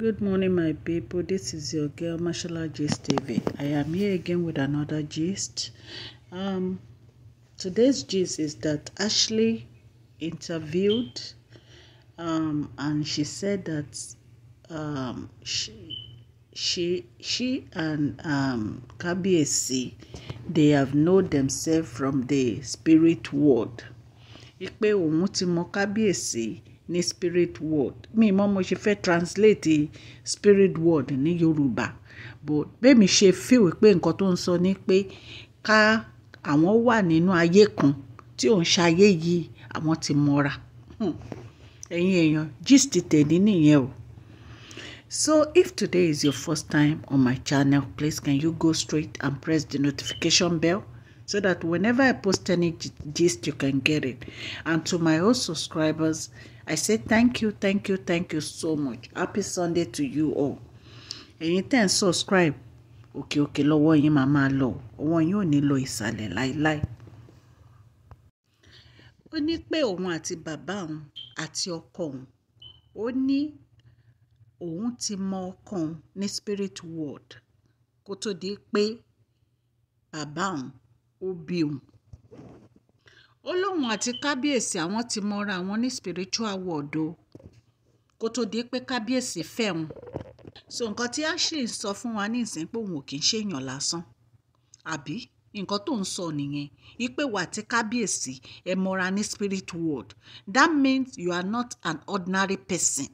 Good morning, my people. This is your girl Mashallah Gist TV. I am here again with another gist. Um, today's gist is that Ashley interviewed, um, and she said that um, she she she and um KBSC they have known themselves from the spirit world. Ikpe òun mọ ní spirit world mi mọ̀ mo ṣe fẹ́ translate spirit world ní Yorùbá but bẹ́ẹ̀mi ṣe feel pé nǹkan tó ń sọ ni yoruba but me ká àwọn ni pe nínú ayé kan tí òun ṣayé yìí àwọn ti oun saye yi ẹ̀yin èèyàn gist tèmi nìyẹn o. So if today is your first time on my channel, please can you go straight and press the notification bell so that whenever I post any gist, you can get it. And to my old subscribers, I say thank you, thank you, thank you so much. Happy Sunday to you all. Ẹ̀yin tẹ́ ń subscribe òkè òkè lọ́wọ́ yín máa máa lọ ọwọ́ yín ò ní lọ ìsàlẹ̀ láéláé. Ó ní pé òun àti bàbá òun àti ọkọ òun ó ní òun ti mọ ọkọ òun ní spirit world kó tó di pé bàbá òun ó bí òun ó lóun àti kábíyèsí àwọn ti mọra àwọn ní spiritual world o kó tó di pé kábíyèsí fẹ́ wọn so nǹkan tí ashley sọ fún wa ní ìsìn pé òun ò kì í ṣèyàn lásán àbí nǹkan tó ń sọ nìyẹn ipe wà tí kábíyèsí ẹ mọra ní spirit world that means you are not an ordinary person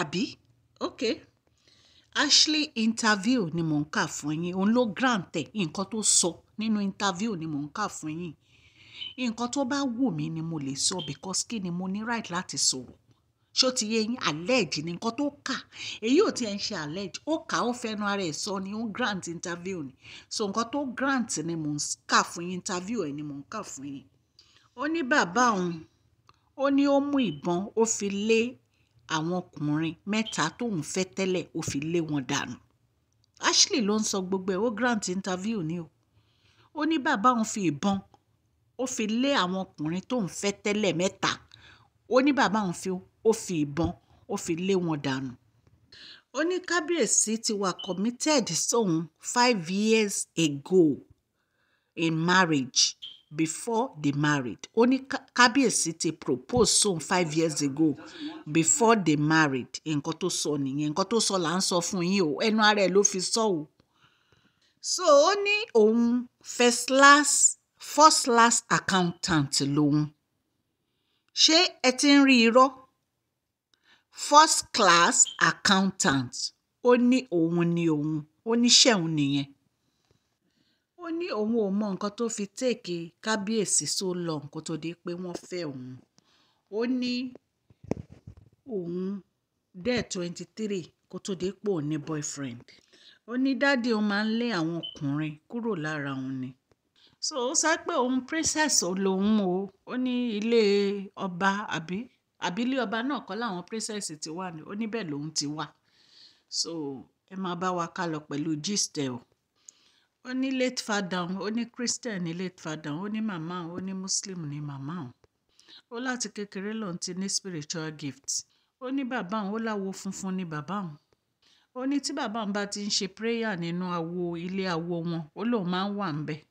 àbí ok ashley interview ni mò ń kà fún yín òun ló grant ẹ nǹkan tó sọ nínú interview ni mò ń kà fún yín nǹkan tó bá wù mí ni mo lè sọ because kí ni mo ní right láti sọ̀rọ̀ ṣó ti yé yín allege ni nǹkan tó kà èyí ò tiẹ̀ ń ṣe allege ó kà ó fẹnu ara ẹ̀ sọ ni ó grant interview ni so nǹkan tó grant ni mò ń kà fún yín interview ẹ̀ ni mò ń kà fún yín ó ní bàbá òun ó ní ó mú ìbọn ó fi lé àwọn ọkùnrin mẹ́ta tóun fẹ́ tẹ́lẹ̀ ó fi lé wọn dànù Ashley ló ń sọ gbogbo ẹ̀ ó grant interview ni o ó ní bàbá òun fi ìbọn ó fi lé àwọn ọkùnrin tó ń fẹ́ tẹ́lẹ̀ mẹ́ta ó ní bàbá òun fi ó fi ìbọn ó fi lé wọn dànù ó ní kábíyèsí ti wà committed sóun five years ago in marriage before they married ó ní kábíyèsí ti propose sóun five years ago before they married nǹkan tó sọ nìyẹn nǹkan tó sọ là ń sọ fún yín o ẹnu ara ẹ ló fi sọ o so ó ní òun first last first class accountant lòun ṣé ẹ ti ń rí irọ́ first class accountant ó ní òun ni òun ó níṣẹ́ òun nìyẹn ó ní òun ò mọ nǹkan tó fi téèkì kábíyèsí so lọ nǹkan tó di pé wọ́n fẹ́ òun ó ní òun dẹ̀ twenty three kó tó di pé òun ní boyfriend ó ní dáàdi òun máa ń lé àwọn ọkùnrin kúrò lára òun ni so ó sọ pé òun princess lòun o ó ní ilé ọba àbí àbí ilé ọba náà kọ́ làwọn princess ti wà ní ó níbẹ̀ lòun ti wà so ẹ máa bá wa kálọ pẹ̀lú gist ẹ o ó ní late father ó ní christian ní late father ó ní màmá ó ní muslim ní màmá ó láti kékeré lòun ti ní spiritual gift ó ní bàbá òun ó láwo funfun ní bàbá òun ó ní tí bàbá òun bá ti ń ṣe prayer nínú awo ilé awo wọn ó lóun máa ń wà ń bẹ́ẹ̀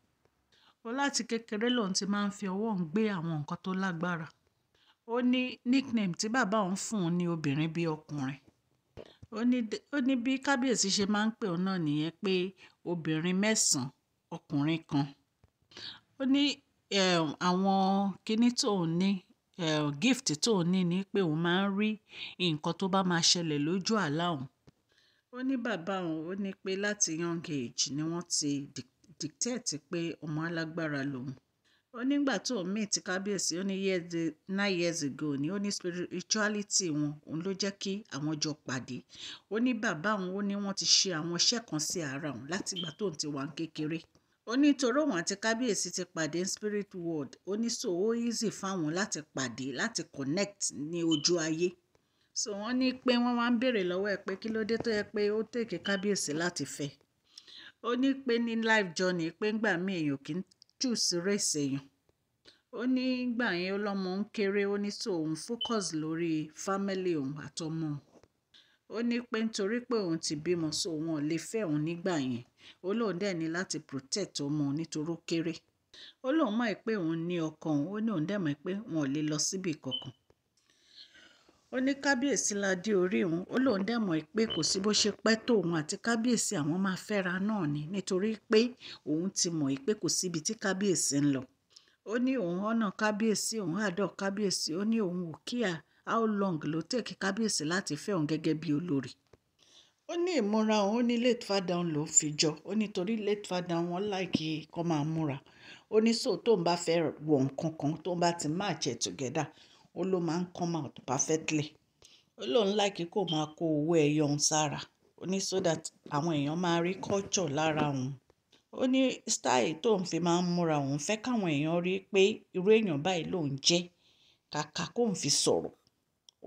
ó láti kékeré lòun ti máa ń fi ọwọ́ òun gbé àwọn nǹkan tó lágbára ó ní nickname tí bàbá òun fún un ní obìnrin bíi ọkùnrin ó ní bí kábíyèsí ṣe máa ń pè òun náà nìyẹn pé obìnrin mẹ́sàn-án ọkùnrin kan ó ní ehm, àwọn kinní tóun ní ehm, gift tóun ní ni pé òun máa ń rí nǹkan tó bá máa ṣẹlẹ̀ lójú àlá òun ó ní bàbá òun ó ní pé láti young age ni wọ́n ti dìgbà dictate pé ọmọ alágbára lòun ó nígbà tó ń mìtì kábíyèsí ó ní nine years ago ni ó ní spirituality wọn òun ló jẹ́ kí àwọn jọ pàdé ó ní bàbá òun ó ní wọ́n ti ṣe àwọn iṣẹ́ kan sí ara òun látìgbà tó ń ti wà ń kékeré ó ní torí òun àti kábíyèsí ti pàdé spirit world ó ní so ó easy fáwọn láti pàdé láti connect ní ojú ayé so wọ́n ní pé wọ́n wá ń béèrè lọ́wọ́ ẹ pé kí ló dé tó yẹ pé ó tèké kábíyèsí láti fẹ́ ó ní pé ní life journey pé ńgbà míì èèyàn kì í jù sí race èèyàn ó ní gbà yẹn ọlọ́mọ ń kéré ó ní tó òun focus lórí family òun àtọmọ ó ní pé nítorí pé òun ti bímọ so òun ò lè fẹ́ òun nígbà yẹn ó lóun dẹ̀ ní láti protect ọmọ nítorí ó kéré ó lóun mọ̀ pé òun ní ọkọ òun ó ní òun dẹ̀ mọ̀ pé òun ò lè lọ síbi kankan ó ní kábíyèsí la dé orí òun ó lóun dẹ̀ mọ̀ pé kò sí bó ṣe pẹ́ tó òun àti kábíyèsí àwọn máa fẹ́ra náà ni nítorí pé òun ti mọ̀ pé kò síbi tí kábíyèsí ń lọ ó ní òun ọ̀nà kábíyèsí òun àdọ̀ kábíyèsí ó ní òun ò kíà how long ló tẹ̀kí kábíyèsí láti fẹ́ òun gẹ́gẹ́ bí olórí ó ní ìmúra òun ó ní late father òun ló fi jọ ó ní torí late father wọn láìkí kọ́ máa múra ó ní so tóun bá fẹ́ wọ̀ nǹkan tóun bá ti máa jẹ together ó ló máa ń come out perfectly ó lóun láìkí kó máa kó owó ẹyọ òun sára ó ní so that àwọn èèyàn máa rí culture lára òun ó ní style tóun fi máa ń múra òun fẹ́ káwọn èèyàn rí pé irú èèyàn báyìí lòun jẹ́ kàkà kóun fi sọ̀rọ̀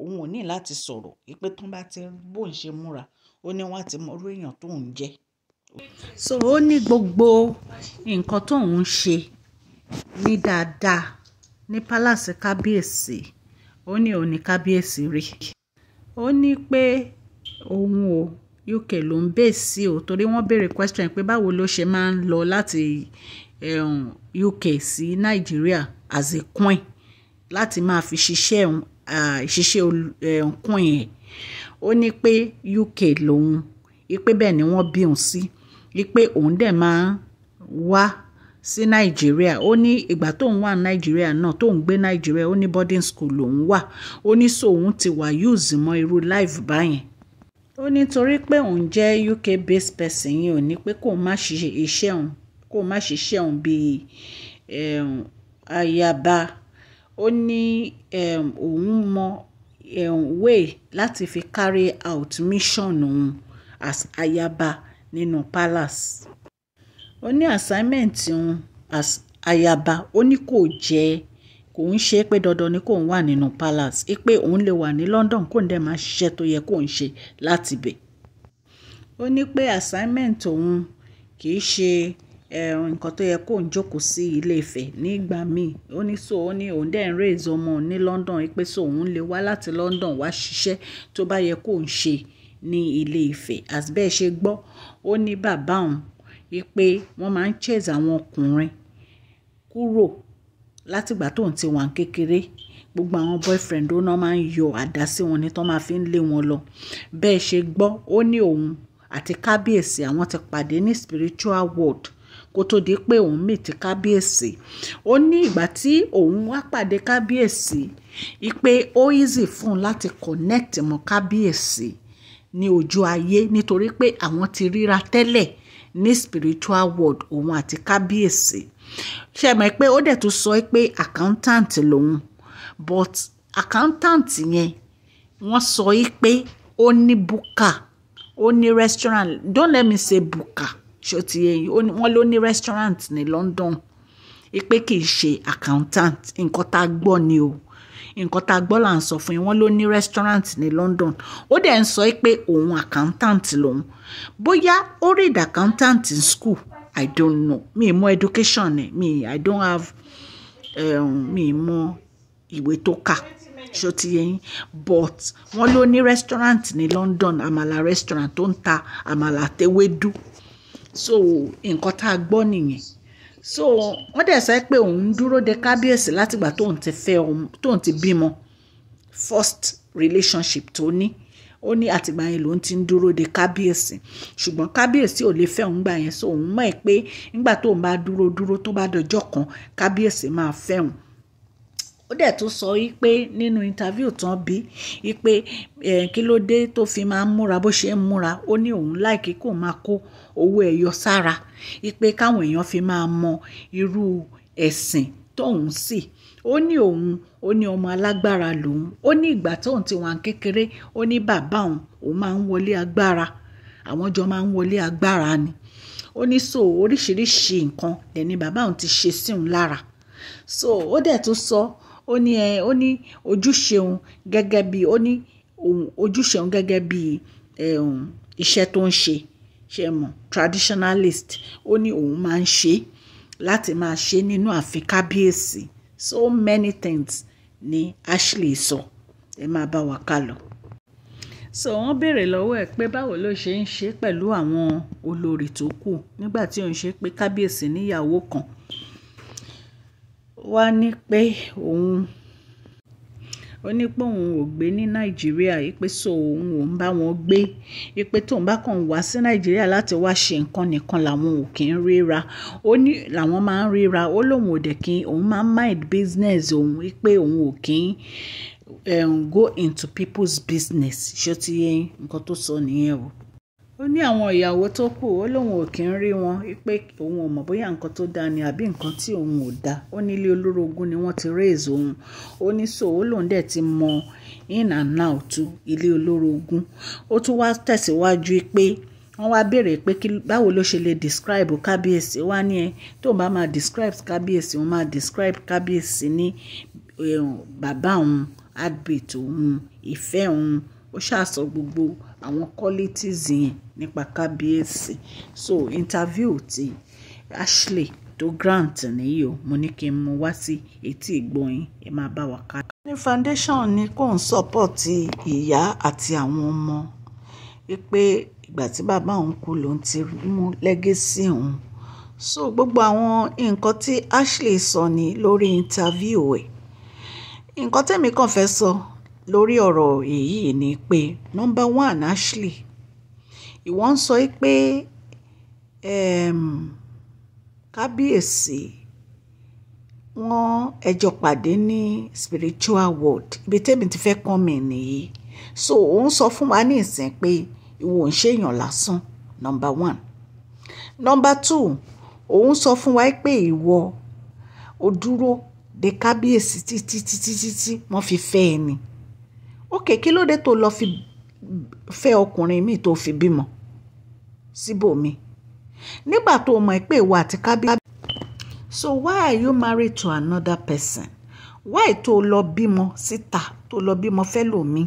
òun ò ní láti sọ̀rọ̀ pé tó bá ti bóun ṣe múra ó ní wọ́n á ti mọ irú èèyàn tóun jẹ́. so ó ní gbogbo nǹkan tóun ṣe ní dáadáa ní palace kábíyèsí ó ní òun ní kábíyèsí rí ó ní pé òun o uk ló ń bè sí o torí wọ́n béèrè question pé báwo ló ṣe máa ń lọ láti um, uk sí nàìjíríà as a coin láti máa fi ṣiṣẹ́ ìṣiṣẹ́ coin um, ẹ̀ ó ní pé uk lòun ipe bẹ́ẹ̀ ni wọ́n bí òun sí ipe òun dẹ̀ máa wá sí nàìjíríà ó ní ìgbà tóun wà nàìjíríà náà tóun gbé nàìjíríà ó ní boarding school lòun wà ó ní sóun ti wà use mọ irú live báyẹn ó ní torí pé òun jẹ́ UK based person yìí ò ní pé kó má ṣe iṣẹ́ òun kó má ṣiṣẹ́ òun bíi ehm, ayaba ó ní ehm, òun mọ ehm, way láti fi carry out mission òun as ayaba nínú palace ó ní assignment òun ayaba ó ní kò jẹ́ kò ń ṣe pé dandan ni kò ń wà nínú palace é pé òun lè wà ní London kò ń dẹ̀ máa ṣiṣẹ́ tó yẹ kò ń ṣe láti bẹ̀. ó ní pé assignment òun kì í ṣe nǹkan tó yẹ kó ń jókòó sí ilé Ifẹ̀ nígbà míì ó ní so ó ní òun dẹ̀ ń raise ọmọ ní London pé so òun lè wá láti London wá ṣiṣẹ́ tó bá yẹ kó ń ṣe ní ilé Ifẹ̀ as bẹ́ẹ̀ ṣe gbọ́ ó ní bàbá òun wípé wọ́n máa ń chase àwọn ọkùnrin kúrò látìgbà tó ń ti wà kékeré gbogbo àwọn boyfriend ó náà máa ń yọ àdá sí wọn ní tó máa fi ń lé wọn lọ bẹ́ẹ̀ ṣe gbọ́ ó ní òun àti kábíyèsí àwọn ti pàdé ní spiritual world kó tó di pé òun mì ti kábíyèsí ó ní ìgbà tí òun wá pàdé kábíyèsí ipe ó easy fún un láti connect mọ́ kábíyèsí ní ojú ayé nítorí pé àwọn ti ríra tẹ́lẹ̀ ní spiritual world òun àti kábíyèsí ṣe mọ̀ pé ó dẹ̀ tún sọ pé accountant lòun but accountant yẹn wọ́n sọ pé ó ní búkà ó ní restaurant don't let me say búkà ṣó ti yẹ yín wọ́n ló ní restaurant ní London pé kì í ṣe accountant nǹkan tá a gbọ́ ni o nǹkan tá a gbọ́ là ń sọ fún yín wọ́n ló ní restaurant ní London ó dẹ̀ ń sọ pé òun accountant lòun bóyá ó read accountant in school I don't know mi mọ education ni mi I don't have um, mi mọ ìwé tó kà ṣó ti yẹ but wọ́n ló ní restaurant ní London Amala restaurant tó ń ta àmàlà àtewédú so nǹkan tá a gbọ́ nìyẹn so wọ́n dẹ̀ sọ pé òun dúró de kábíyèsí látìgbà tóun ti fẹ́ tóun ti bímọ first relationship tó ní ó ní àtìgbà yẹn lòun ti ń dúró de kábíyèsí ṣùgbọ́n kábíyèsí ò lè fẹ́ òun gbà yẹn so òun mọ̀ ẹ́ pé nígbà tóun bá dúró dúró tó bá dọjọ́ kan kábíyèsí máa fẹ́ òun ó dẹ̀ tún sọ wípé nínú interview tán bí wípé kí ló dé tó fi máa ń múra bó ṣe ń múra ó ní òun láìkí kó máa kó owó ẹ̀yọ sára wípé káwọn èèyàn fi máa mọ irú ẹ̀sìn tóun sì ó ní òun ó ní ọmọ alágbára lòun ó ní ìgbà tóun ti wà kékeré ó ní bàbá òun òun máa ń wọlé agbára àwọn jọ máa ń wọlé agbára ni ó ní so oríṣiríṣi nǹkan lẹ́ni bàbá òun ti ṣe sí òun lára so ó dẹ̀ tún sọ so, ó ní ẹ ó ní ojúṣe òun gẹ́gẹ́ bí ó ní ojúṣe òun gẹ́gẹ́ bí iṣẹ́ tó ń ṣe ṣe mọ̀ traditionalist ó ní òun máa ń ṣe láti máa ṣe nínú ààfin kábíyèsí so many things ni Ashley sọ ẹ máa bá wa ká lọ so wọ́n béèrè lọ́wọ́ ẹ̀ pé báwo ló ṣe ń ṣe pẹ̀lú àwọn olórí tó kù nígbà tí òun ṣe pé kábíyèsí níyàwó kan wá ní pé òun ó ní pé òun ò gbé ní nàìjíríà ipe so òun ò ń bá wọn gbé ipe tóun bá kàn wá sí nàìjíríà láti wá ṣe nǹkan nìkan làwọn ò kí ń ríra ó ní làwọn máa ń ríra ó lóun ò dẹ̀ kí òun máa ń mind business òun ipe òun ò kí ń um, go into people's business ṣó ti yẹ nǹkan tó sọ nìyẹn o ó ní àwọn ìyàwó tó kù ó lóun ò kí ń rí wọn pé òun ò mọ̀ bóyá nǹkan tó dáa ni àbí nǹkan tí òun ò dáa ó ní ilé olórogún ni wọ́n ti raise òun ó ní so ó lóun dẹ̀ ti mọ in and out ilé olórogún ó tún wá tẹ̀síwájú pé wọ́n wá béèrè pé báwo ló ṣe lè describe kábíyèsí wá ní ẹ tó bá máa describe kábíyèsí wọ́n máa describe kábíyèsí ní eh, bàbá òun adbit òun ìfẹ́ òun ó ṣàṣọ gbogbo àwọn qualities yẹn nípa kábíyèsí so interview ti Ashley tó grant nìyí o mo ní kí n mú wá sí etí ìgbọ̀nyìn ẹ máa bá wa ká. ní foundation ni kò ń sọpọ́ọ̀tì ìyá àti àwọn ọmọ wípé ìgbà tí bàbá òun kú lòun ti mú lẹ́gẹ́sì òun so gbogbo àwọn nǹkan tí Ashley sọ ni lórí interview ẹ̀ nǹkan tẹ̀mí kàn fẹ́ sọ lórí ọ̀rọ̀ èyí ni pé nọ́mbà one Ashley ìwọ ń sọ pé um, kábíyèsí wọn ẹjọ́ pàdé ní spiritual world ibi tẹ́mi ti fẹ́ kàn mí nìyí so òun sọ fún wa ní ìsìn pé ìwọ ń ṣèyàn lásán nọ́mbà one nọ́mbà two òun sọ fún wa pé ìwọ ò dúró de kábíyèsí títí títí títí wọ́n fi fẹ́ ẹ ni ok kí ló dé tó lọ fi fẹ́ ọkùnrin míì tó fi bímọ síbòmí nígbà tó mọ̀ pé ìwà àti kábíyèsí. so why are you married to another person why tó lọ bímọ síta tó lọ bímọ fẹ́ lòmí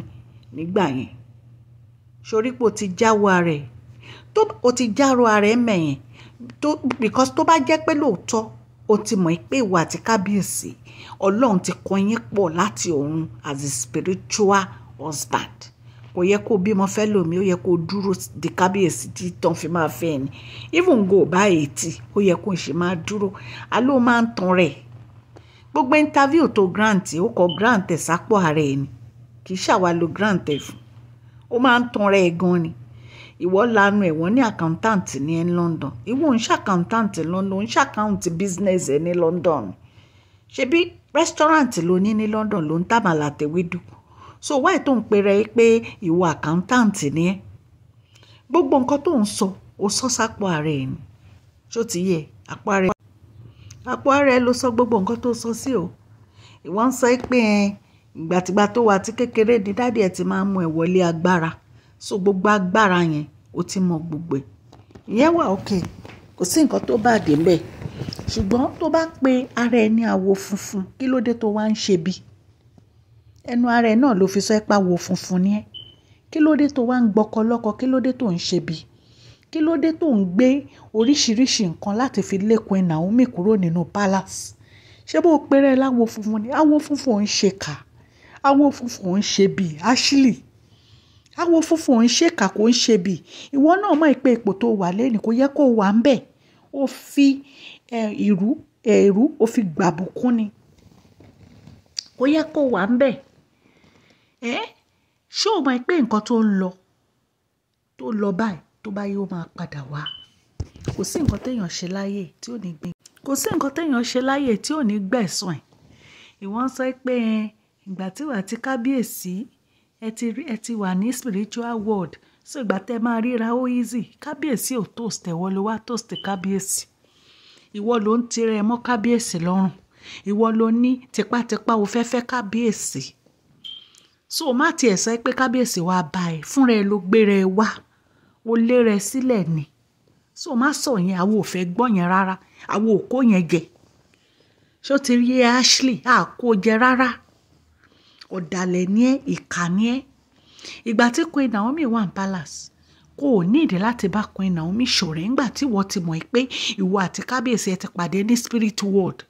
nígbà yẹn sorípò ti jáwọ́ rẹ̀ tó o ti járò rẹ̀ mẹ̀yìn tó because tó bá jẹ́ pé lóòótọ́ o ti mọ̀ pé ìwà àti kábíyèsí ọlọ́run ti kọ́ yín láti ọ̀run as a spiritual husband kò yẹ kó bímọ fẹ́ lómi ó yẹ kó dúró de kábíyèsí tí tán fi máa fẹ́ ni even go bá ètì ó yẹ kó n ṣe máa dúró aló máa ń tan rẹ̀ gbogbo interview tó grant ó kọ grant ẹ̀ sápò ara ẹ̀ ni kì í ṣàwa lo grant ẹ̀ fún ó máa ń tan rẹ̀ gan ni ìwọ lanu ẹ̀wọ̀n ní accountant ní ẹ̀ London ìwọ ń ṣe accountant London ń ṣe account business ẹ̀ ní London ṣebí restaurant ló ní ní London ló ń tàbàlà àtẹwédùn so why tó ń pera ẹ pé ìwọ àkáńtàǹtì ni ẹ gbogbo nǹkan tó ń sọ ó sọ sápò ààrẹ ẹ ni ṣó ti yẹ àpò ààrẹ àpò ààrẹ ló sọ gbogbo nǹkan tó sọ sí o ìwọ ń sọ pé ẹ ìgbàtìgbà tó wà tí kékeré di dádì ẹ ti máa mú ẹ wọlé agbára so gbogbo agbára yẹn ó ti mọ gbogbo ẹ ìyẹn wà òkè kò sí nǹkan tó bá mbẹ ṣùgbọ́n tó bá pe ara ẹ ní àwo funfun kí ló dé tó wá ń ṣe bíi ẹnu ara ẹ náà ló fi sọ ẹ́ pàwọ̀ funfun ni ẹ́ kí ló dé tó wá ń gbọ́kọ lọ́kọ kí ló dé tó ń ṣe bí kí ló dé tó ń gbé oríṣiríṣi nǹkan láti fi lé Queen Naomi kúrò nínú palace ṣé bó péré láwo funfun ni awo funfun ò ń ṣe kà awo funfun ò ń ṣe bí Ashley awo funfun ò ń ṣe kà kò ń ṣe bí ìwọ náà mọ̀ pé ipò tó wà lẹ́nu kò yẹ kó wà ń bẹ̀ ó fi ẹ̀rú ẹ̀rú ó fi gbàbùkún ni kò yẹ kó wà ń bẹ̀ ẹ́ ṣé o mọ̀ pé nǹkan tó ń lọ tó lọ báyìí tó bá yẹ ó máa padà wá kò sí nǹkan téèyàn ṣe láyè tí ò ní gbìn kò sí nǹkan téèyàn ṣe láyè tí ò ní gbẹ̀sán ẹ̀ ìwọ́n sọ pé ìgbà tí wà tí kábíyèsí ẹ ti rí ẹ ti wà ní spiritual world so ìgbà tẹ máa ríra ó easy kábíyèsí ò toast ẹ̀wọ́ ló wá toast kábíyèsí ìwọ ló ń tirẹ̀ mọ́ kábíyèsí lọ́rùn ìwọ ló ní tipátipá o fẹ́ fẹ́ kábíyèsí so má tiẹ̀ sọ pé kábíyèsí wa bá ẹ fúnra ẹ ló gbéra ẹ wá o léra ẹ sílẹ̀ ni so má sọ yẹn àwọn ò fẹ́ gbọ́ yẹn rárá àwọn ò kó yẹn jẹ ṣó ti rí Ashley a kó jẹ rárá ọ̀dàlẹ̀ ni ẹ́ ìkà ni ẹ́ ìgbà tí Queen Naomi wà ní palace kò nídìí láti bá Queen Naomi ṣọ̀rẹ́ ńgbà tí wọ́n ti mọ̀ pé ìwọ àti kábíyèsí ẹ ti pàdé ní spirit world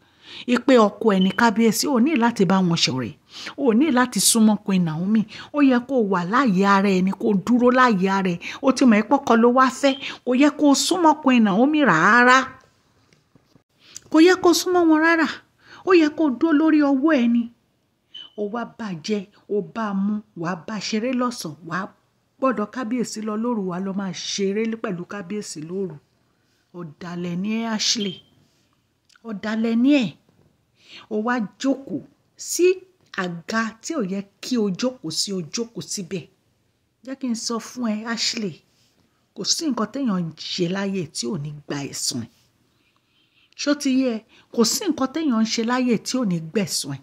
ìpè ọkọ ẹ̀ ní kábíyèsí ò ní láti bá wọn ṣọ̀rẹ́ ò ní láti súnmọ́ Queen Naomi ó yẹ kó wà láàyè ara ẹ̀ ni kó dúró láàyè ara ẹ̀ ó ti mọ̀ ẹ́ pọ́kọ ló wá fẹ́ kò yẹ kó súnmọ́ Queen Naomi rárá kò yẹ kó súnmọ́ wọn rárá ó yẹ kó dúró lórí ọwọ́ ẹ̀ ni ó wá bàjẹ́ ó bá a mú wàá bá a ṣeré lọ́sàn-án wàá gbọ́dọ̀ kábíyèsí lọ lóru wàá lọ máa ṣeré pẹ̀lú kábíyèsí lóru ọ̀dàlẹ̀ ní Ashley ọ̀dàlẹ̀ ní ẹ̀ ó wá jókòó sí àga tí ò yẹ kí o jókòó sí o jókòó síbẹ̀ jẹ́ kí n sọ fún ẹ Ashley kò sí nǹkan téèyàn ń ṣe láyè tí ò ní gba ẹ̀san ẹ̀ ṣó ti yẹ kò sí nǹkan téèyàn ń ṣe láyè tí ò ní gbẹ̀san ẹ̀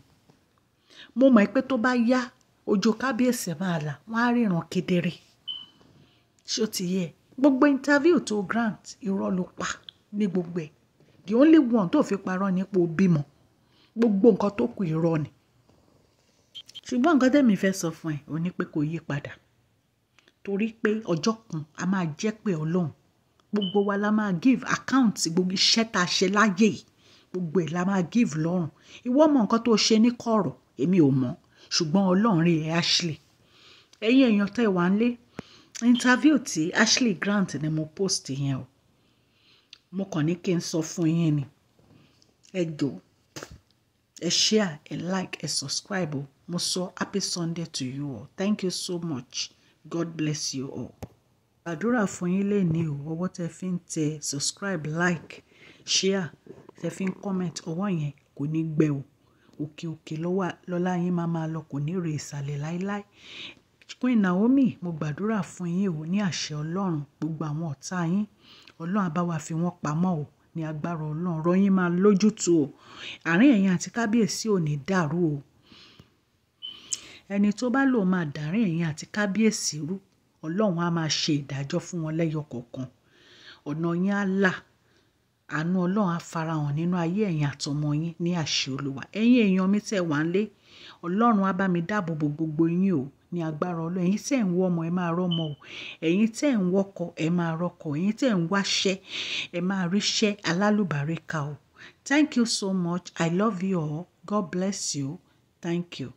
mo mọ̀ pé tó bá yá ọjọ́ kábíyèsí máa là wọ́n á ríran kedere ṣó ti yẹ gbogbo interview tó grant irọ́ ló pa ní gbogbo ẹ̀ the only one tó fi parọ́ ni pé o bímọ gbogbo nǹkan tó kù irọ́ ni ṣùgbọ́n nǹkan tẹ́mi fẹ́ sọ fún ẹ ò ní pé kò yí padà torí pé ọjọ́ kan a máa jẹ́ pé ọlọ́run gbogbo wa la máa give account gbogbo iṣẹ́ tá a ṣe láyé yìí gbogbo ẹ̀ la máa give lọ́rùn ìwọ mọ nǹkan tó ṣe ní kọ̀rọ̀ èmi ò mọ̀ ṣùgbọ́n ọlọ́run rí Ashley ẹ̀yin èèyàn tẹ́ wà ń lé interview tí Ashley Grant ni mo post yẹn o mo kàn ní kí n sọ fún yín ni ẹ jọ̀ọ́ ẹ share ẹ like ẹ subscribe o mo sọ happy sunday to you all thank you so much god bless you all. àdúrà fún yín lè o ọwọ́ tẹ fi ń tẹ subscribe like share tẹ fi ń comment ọwọ́ yẹn kò ní gbẹ o òkè òkè lọ́lá yín máa máa lọ kò ní rè ìsàlẹ̀ láéláé Queen Naomi mo gbàdúrà fún yín o ní àṣẹ Ọlọ́run gbogbo àwọn ọ̀tá yín ọlọ́run á bá wa fi wọ́n pamọ́ o ní agbára ọlọ́run ọ̀rọ̀ yín máa lójútu o àárín ẹ̀yin àti kábíyèsí ò ní dàrú o ẹni tó bá lò máa dàárín ẹ̀yin àti kábíyèsí rú ọlọ́run á máa ṣe ìdájọ́ fún wọn lẹ́yọ kọ̀ọ̀kan ọ̀nà yín á là àánú ọlọ́run á farahàn nínú ayé ẹ̀yin àtọmọ yín ní àṣẹ olúwa ẹ̀yin èèyàn mi tẹ̀ wá ń lé ọlọ́run á bá mi dáàbò bo gbogbo yín o ní agbára Ọlọ́run ẹ̀yin tẹ́ ń wọ ọmọ ẹ máa rọ́mọ o ẹ̀yin tẹ́ ń wọkọ ẹ máa rọ́kọ ẹ̀yin tẹ́ ń wáṣẹ́ ẹ máa ríṣẹ́ alálùbáríkà o thank you so much i love you all god bless you thank you.